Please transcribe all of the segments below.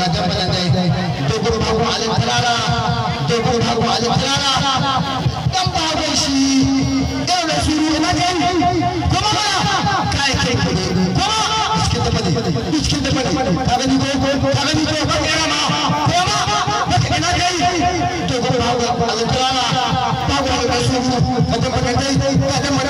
गाजा बजा जाए ka ma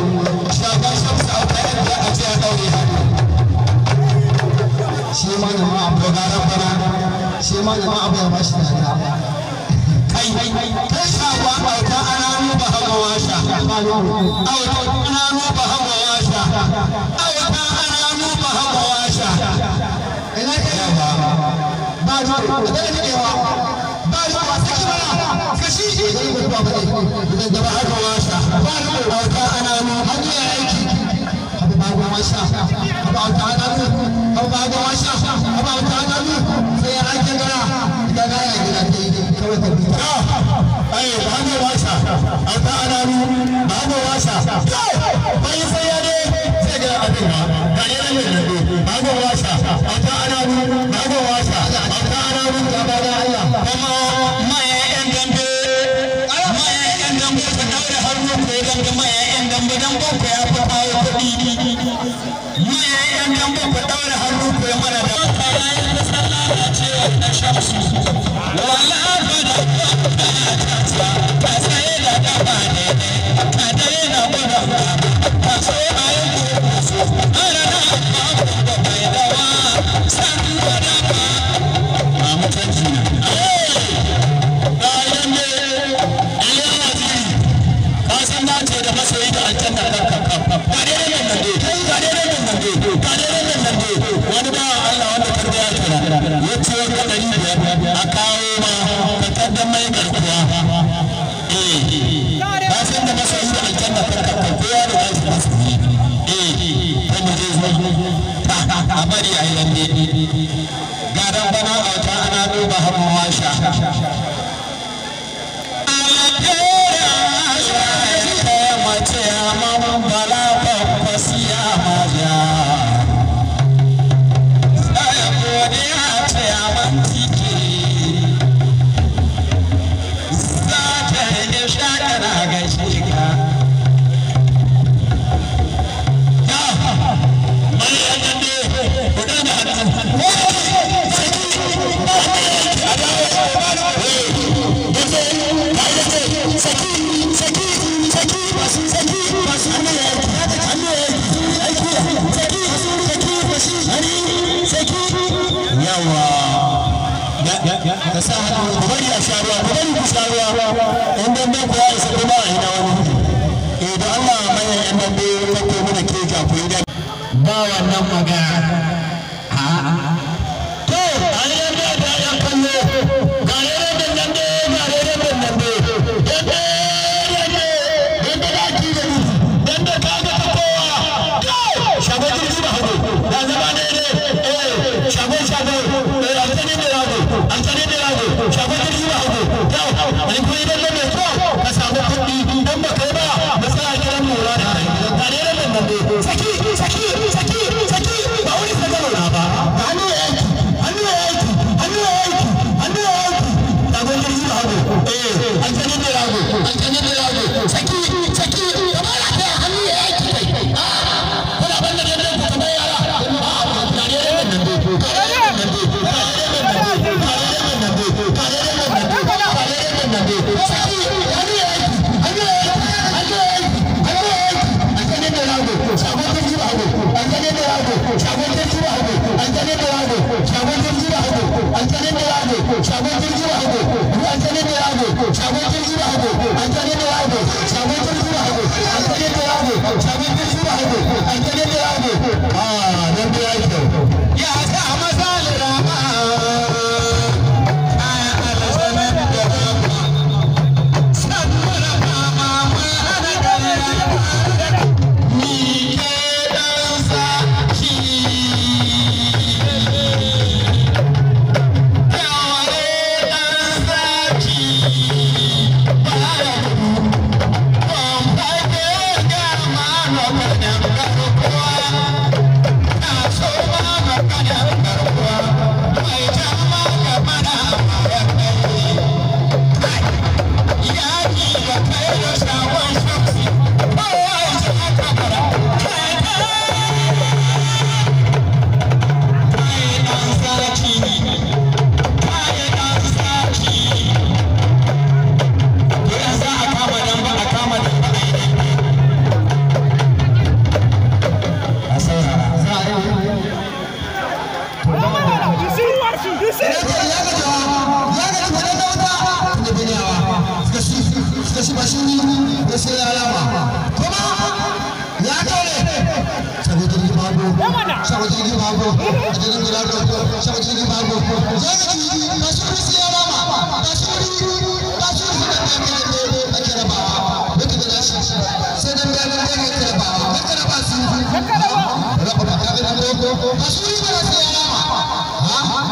ma abu ya kai kai auta hawa washa auta hawa washa auta hawa washa ina ke ba ba ba ba ba ba ba ba ba ba ba ba ba gana ita na ya gina ta yi kawai ta bi ta ai ah, ba ne wasa a ta anaru ba ne wasa bai sai ya ne sai ga abin ba ga ne ba ne wasa sa hannu ku bari a sha ruwa ku bari ku sha ruwa in dan dan kuwa isa kuma a hina wani eh da Allah manyan yan dambe kake mana keja ku yi ba wannan magana ಬಸವೀ ಬರಸೆಯ ನಾಮ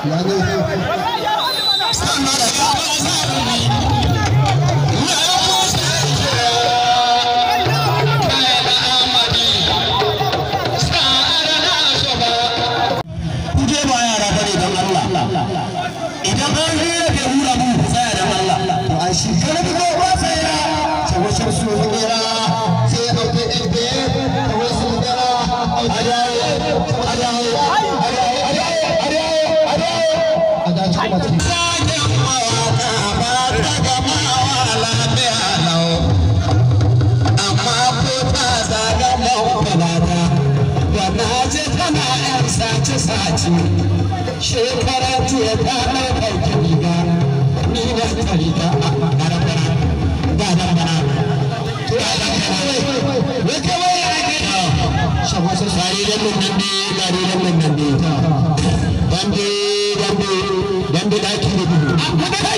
Thank you. ce shekara ce ta ɗaukar riga ni na tsari ta a garabara ya daki da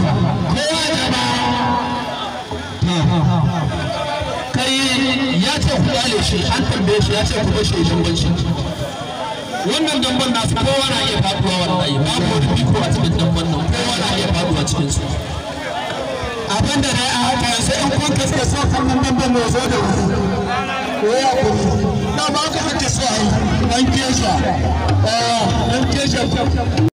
shi an tambaye shi ya ce ku shi idan bashi wannan damban su kowa na iya faduwa wallahi babu da biko a cikin damban nan kowa na iya faduwa cikin su abin da dai a haka yanzu in kun kaske so kan nan damban ne zo da wuri ko ya kuri na ba ka su a yi an kesha eh an kesha